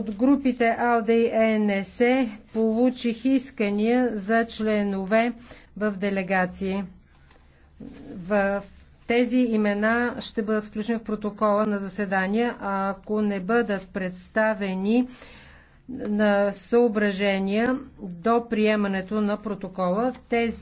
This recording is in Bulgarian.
От групите АЛДЕ и ЕНС получих искания за членове в делегации. В тези имена ще бъдат включени в протокола на заседания, а ако не бъдат представени на съображения до приемането на протокола, тези